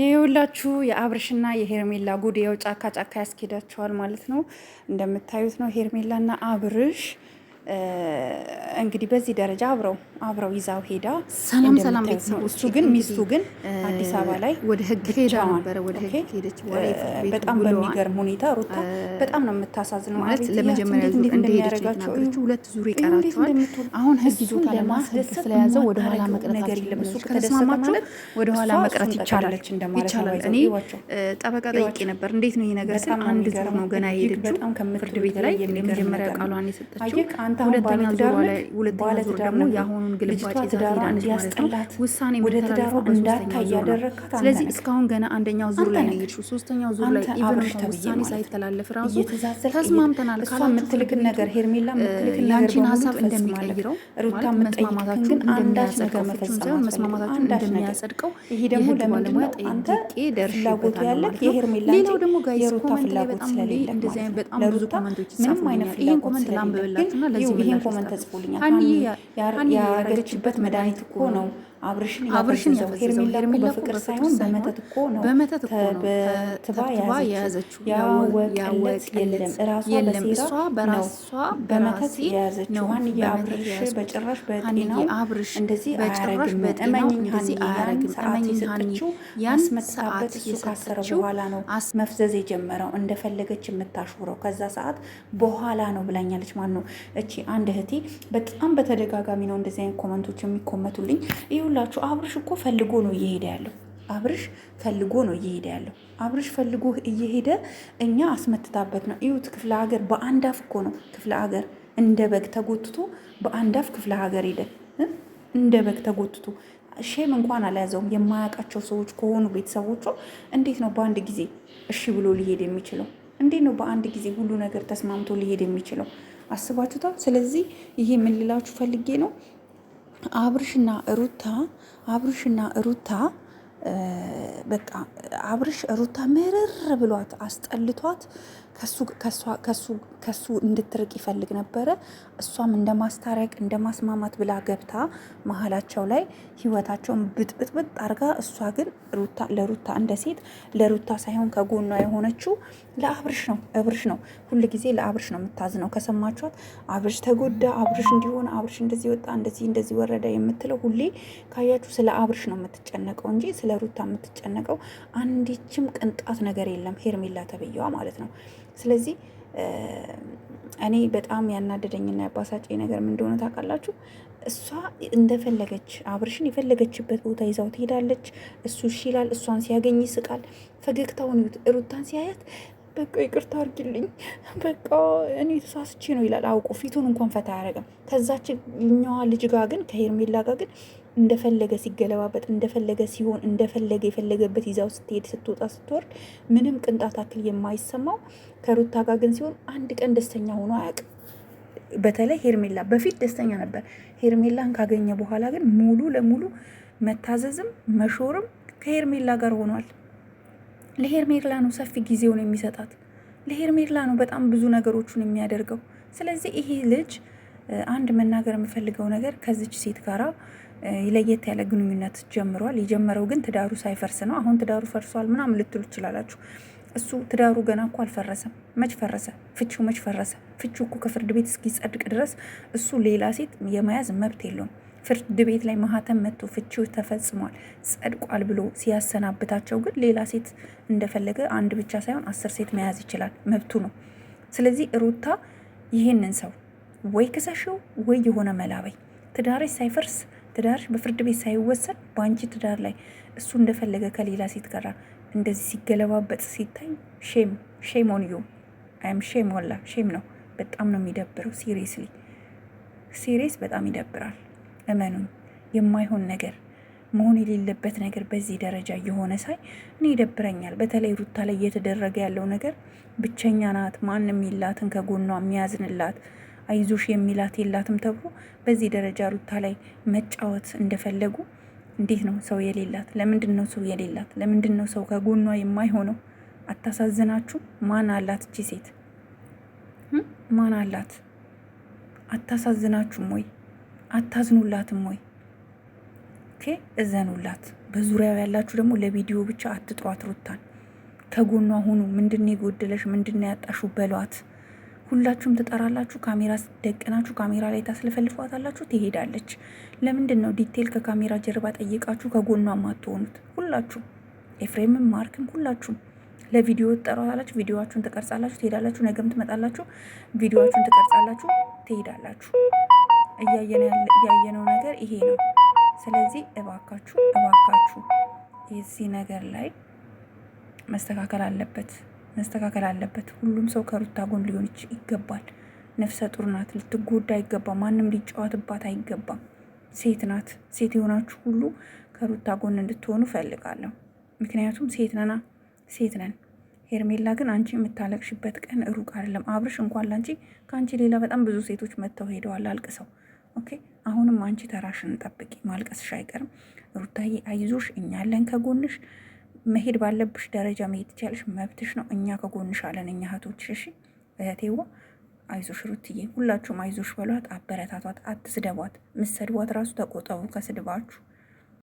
የሁላችሁ የአብርሽና የሄርሜላ ጉድ ጫካ ጫካ ያስኬዳቸዋል ማለት ነው። እንደምታዩት ነው ሄርሜላና አብርሽ እንግዲህ በዚህ ደረጃ አብረው አብረው ይዛው ሄዳ ሰላም ሰላም ቤተሰብ እሱ ግን ሚስቱ ግን አዲስ አበባ ላይ ወደ ህግ ሄዳ ነበረ። ወደ ህግ ሄደች። በጣም በሚገርም ሁኔታ ሩታ በጣም ነው የምታሳዝነው። ማለት ለመጀመሪያ ዙር እንደሄደችው ሁለት ዙር ይቀራቸዋል። አሁን ህግ ይዞ ለማስደሰት ስለያዘው ወደ ኋላ መቅረት እሱ ከተስማማችሁ ወደ ኋላ መቅረት ይቻላል ይቻላል። እኔ ጠበቃ ጠይቄ ነበር። እንዴት ነው ይህ ነገር ስል አንድ ዙር ነው ገና የሄደችው ፍርድ ቤት ላይ የመጀመሪያ ቃሏን የሰጠችው ሁለተኛ ዙር ላይ ሁለተኛ ዙር ደግሞ የአሁኑ ልጅቷ ትዳሯ እንዲያስጠላት ወደ ትዳሯ እንዳታይ ያደረግካት። ስለዚህ እስካሁን ገና አንደኛው ዙር ላይ ነው ሶስተኛው ዙር ላይ ኢቨን እንኳን ውሳኔ ሳይተላለፍ ራሱ ተስማምተናል ካላ የምትልክን ነገር ሄርሜላ የምትልክን ነገር ያንቺን ሀሳብ እንደሚቀይረው ሩታ መስማማታችሁ ግን አንዳች ነገር መፈጸም መስማማታችሁ እንደሚያጸድቀው ይሄ ደግሞ ለምንድን ነው አንተ ፍላጎቱ ያለ የሄርሜላ ሌላው ደግሞ ጋይስ ኮመንት ላይ በጣም እንደዚህ አይነት በጣም ብዙ ኮመንቶች ይጻፉልኛል። ይሄን ኮመንት ላንብብላችሁና ለዚህ ይሄን ኮመንት ተጽፎልኛል ያ የተወለደችበት መድኃኒት እኮ ነው አብርሽን ያፈዘዘው ሄርሜላ በፍቅር ሳይሆን በመተት እኮ ነው በመተት እኮ ነው በትባ የያዘችው። ያወቀለት የለም እራሷ በሴራ ነው በመተት የያዘችው። አንዬ አብርሽ በጭራሽ በጤናው እንደዚህ አያረግም። እመኝኝ አያረግም። ሰዓት የሰጠችው አስመትታበት ካሰረ በኋላ ነው መፍዘዝ የጀመረው እንደፈለገች የምታሾረው ከዛ ሰዓት በኋላ ነው ብላኛለች። ማን ነው እቺ አንድ እህቴ በጣም በተደጋጋሚ ነው እንደዚህ አይነት ኮመንቶች የሚኮመቱልኝ ይሁ ይውላችሁ አብርሽ እኮ ፈልጎ ነው እየሄደ ያለው። አብርሽ ፈልጎ ነው እየሄደ ያለው። አብርሽ ፈልጎ እየሄደ እኛ አስመትታበት ነው። እዩት፣ ክፍለ ሀገር በአንድ አፍ እኮ ነው። ክፍለ ሀገር እንደ በግ ተጎትቶ በአንድ አፍ ክፍለ ሀገር ሄደ። እንደ በግ ተጎትቶ ሼም እንኳን አልያዘውም። የማያውቃቸው ሰዎች ከሆኑ ቤተሰቦቹ እንዴት ነው በአንድ ጊዜ እሺ ብሎ ሊሄድ የሚችለው? እንዴት ነው በአንድ ጊዜ ሁሉ ነገር ተስማምቶ ሊሄድ የሚችለው? አስባችሁታል። ስለዚህ ይሄ ምን ፈልጌ ነው አብርሽና ሩታ አብርሽና ሩታ በቃ አብርሽ ሩታ ምርር ብሏት አስጠልቷት ከሱ እንድትርቅ ይፈልግ ነበረ። እሷም እንደ ማስታረቅ እንደ ማስማማት ብላ ገብታ መሀላቸው ላይ ህይወታቸውን ብጥብጥብጥ አርጋ፣ እሷ ግን ለሩታ እንደ ሴት ለሩታ ሳይሆን ከጎኗ የሆነችው ለአብርሽ ነው። አብርሽ ነው ሁል ጊዜ ለአብርሽ ነው የምታዝነው። ከሰማችኋት አብርሽ ተጎዳ፣ አብርሽ እንዲሆን፣ አብርሽ እንደዚህ ወጣ፣ እንደዚህ እንደዚህ ወረደ የምትለው ሁሌ ካያችሁ ስለ አብርሽ ነው የምትጨነቀው እንጂ ስለ ሩታ የምትጨነቀው አንዲችም ቅንጣት ነገር የለም። ሄርሜላ ተብዬዋ ማለት ነው። ስለዚህ እኔ በጣም ያናደደኝና ያባሳጨኝ ነገር ምን እንደሆነ ታውቃላችሁ? እሷ እንደፈለገች አብርሽን የፈለገችበት ቦታ ይዛው ትሄዳለች። እሱ እሺ ይላል፣ እሷን ሲያገኝ ይስቃል። ፈገግታውን ሩታን ሲያያት በቃ ይቅርታ አድርጊልኝ፣ በቃ እኔ ተሳስቼ ነው ይላል። አውቆ ፊቱን እንኳን ፈታ አያደርግም። ከዛችኛዋ ልጅ ጋር ግን ከሄርሜላ ጋር ግን እንደፈለገ ሲገለባበጥ እንደፈለገ ሲሆን እንደፈለገ የፈለገበት ይዛው ስትሄድ ስትወጣ ስትወርድ ምንም ቅንጣት አክል የማይሰማው ከሩታ ጋር ግን ሲሆን አንድ ቀን ደስተኛ ሆኖ አያውቅም። በተለይ ሄርሜላ በፊት ደስተኛ ነበር። ሄርሜላን ካገኘ በኋላ ግን ሙሉ ለሙሉ መታዘዝም መሾርም ከሄርሜላ ጋር ሆኗል። ለሄርሜላ ነው ሰፊ ጊዜውን የሚሰጣት። ለሄርሜላ ነው በጣም ብዙ ነገሮቹን የሚያደርገው። ስለዚህ ይሄ ልጅ አንድ መናገር የምፈልገው ነገር ከዚች ሴት ጋራ ለየት ያለ ግንኙነት ጀምሯል። የጀመረው ግን ትዳሩ ሳይፈርስ ነው። አሁን ትዳሩ ፈርሷል ምናምን ልትሉ ትችላላችሁ። እሱ ትዳሩ ገና እኮ አልፈረሰም። መች ፈረሰ? ፍቺው መች ፈረሰ? ፍቺው እኮ ከፍርድ ቤት እስኪጸድቅ ድረስ እሱ ሌላ ሴት የመያዝ መብት የለውም። ፍርድ ቤት ላይ ማህተም መጥቶ ፍቺው ተፈጽሟል ጸድቋል ብሎ ሲያሰናብታቸው ግን ሌላ ሴት እንደፈለገ አንድ ብቻ ሳይሆን አስር ሴት መያዝ ይችላል፣ መብቱ ነው። ስለዚህ ሩታ ይህንን ሰው ወይ ክሰሽው ወይ የሆነ መላበይ ትዳርሽ ሳይፈርስ ትዳርሽ በፍርድ ቤት ሳይወሰድ በአንቺ ትዳር ላይ እሱ እንደፈለገ ከሌላ ሴት ጋር እንደዚህ ሲገለባበጥ ሲታይ ሼም ሼም ኦን ዩ አይም ሼም ወላ ሼም ነው። በጣም ነው የሚደብረው። ሲሪየስሊ ሲሪየስ በጣም ይደብራል። እመኑኝ የማይሆን ነገር መሆን የሌለበት ነገር በዚህ ደረጃ የሆነ ሳይ እኔ ይደብረኛል። በተለይ ሩታ ላይ እየተደረገ ያለው ነገር ብቸኛ ናት፣ ማንም የላትን ከጎኗ የሚያዝንላት አይዞሽ የሚላት የላትም ተብሎ በዚህ ደረጃ ሩታ ላይ መጫወት እንደፈለጉ እንዴት ነው ሰው የሌላት? ለምንድን ነው ሰው የሌላት? ለምንድን ነው ሰው ከጎኗ የማይሆነው? አታሳዝናችሁ? ማን አላት እቺ ሴት ማን አላት? አታሳዝናችሁም ወይ? አታዝኑላትም ወይ? ኦኬ እዘኑላት። በዙሪያው ያላችሁ ደግሞ ለቪዲዮ ብቻ አትጥሯት ሩታን። ከጎኗ ሁኑ። ምንድን የጎደለሽ ምንድን ያጣሹ በሏት። ሁላችሁም ትጠራላችሁ። ካሜራ ደቅናችሁ ካሜራ ላይ ታስለፈልፏታላችሁ። ትሄዳለች። ለምንድን ነው ዲቴል ከካሜራ ጀርባ ጠይቃችሁ ከጎኗ ማትሆኑት? ሁላችሁም ኤፍሬምም፣ ማርክም ሁላችሁም ለቪዲዮ ትጠራላችሁ። ቪዲዮችሁን ትቀርጻላችሁ፣ ትሄዳላችሁ። ነገም ትመጣላችሁ፣ ቪዲዮችሁን ትቀርጻላችሁ፣ ትሄዳላችሁ። እያየነው ነገር ይሄ ነው። ስለዚህ እባካችሁ እባካችሁ የዚህ ነገር ላይ መስተካከል አለበት። መስተካከል አለበት። ሁሉም ሰው ከሩታ ጎን ሊሆን ይገባል። ነፍሰ ጡር ናት፣ ልትጎዳ አይገባም። ማንም ሊጫወትባት አይገባም። ሴት ናት። ሴት የሆናችሁ ሁሉ ከሩታ ጎን እንድትሆኑ ፈልጋለሁ። ምክንያቱም ሴት ነና ሴት ነን። ሄርሜላ ግን አንቺ የምታለቅሽበት ቀን ሩቅ አይደለም። አብርሽ እንኳን ላንቺ ከአንቺ ሌላ በጣም ብዙ ሴቶች መጥተው ሄደዋል አልቅሰው። ኦኬ አሁንም አንቺ ተራሽን ጠብቂ፣ ማልቀስሽ አይቀርም። ሩታዬ አይዞሽ፣ እኛለን ከጎንሽ መሄድ ባለብሽ ደረጃ መሄድ ትችያለሽ፣ መብትሽ ነው። እኛ ከጎንሽ አለን፣ እኛ እህቶችሽ። እሺ እህቴዋ አይዞሽ፣ ሩትዬ፣ ሁላችሁም አይዞሽ በሏት፣ አበረታቷት፣ አትስደቧት። ምሰድቧት ራሱ ተቆጠቡ ከስድባችሁ።